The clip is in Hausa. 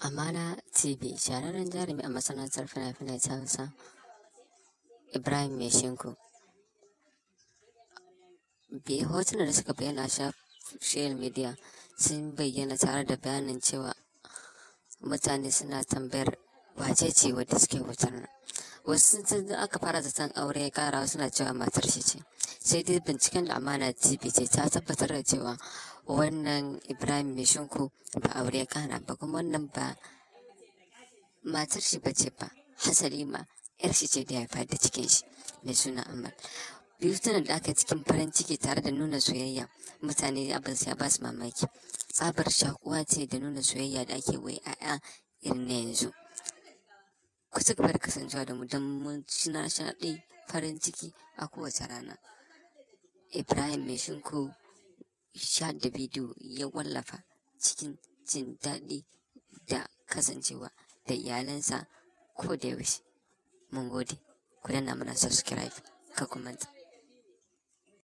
Amana TV shahararren jarumi a masana'antar fina-finai ta Hausa Ibrahim biyu Hotunan da suka bayyana a social media sun bayyana tare da bayanin cewa mutane suna tambayar wace ce wadda suke wutar wasu sun aka fara zaton aure ya kara suna cewa matar shi ce sai dai binciken da amana tv ce ta tabbatar da cewa wannan ibrahim mai shinku ba aure kana ba kuma wannan ba matar shi ba ce ba hasali ma yar shi ce da ya fada cikin shi mai suna amal biyu da aka cikin farin ciki tare da nuna soyayya mutane abin ya ba mamaki tsabar shakuwa ce da nuna soyayya da ake wai ya'ya irin na yanzu Kusa ci gaba da kasancewa da mu don mun shina shaɗi farin ciki a kowace rana ibrahim mai shinku Ishaq bidiyo ya wallafa cikin jin daɗi da kasancewa da iyalansa ko da yaushe. Mun gode, ku danna mana subscribe, ka comment.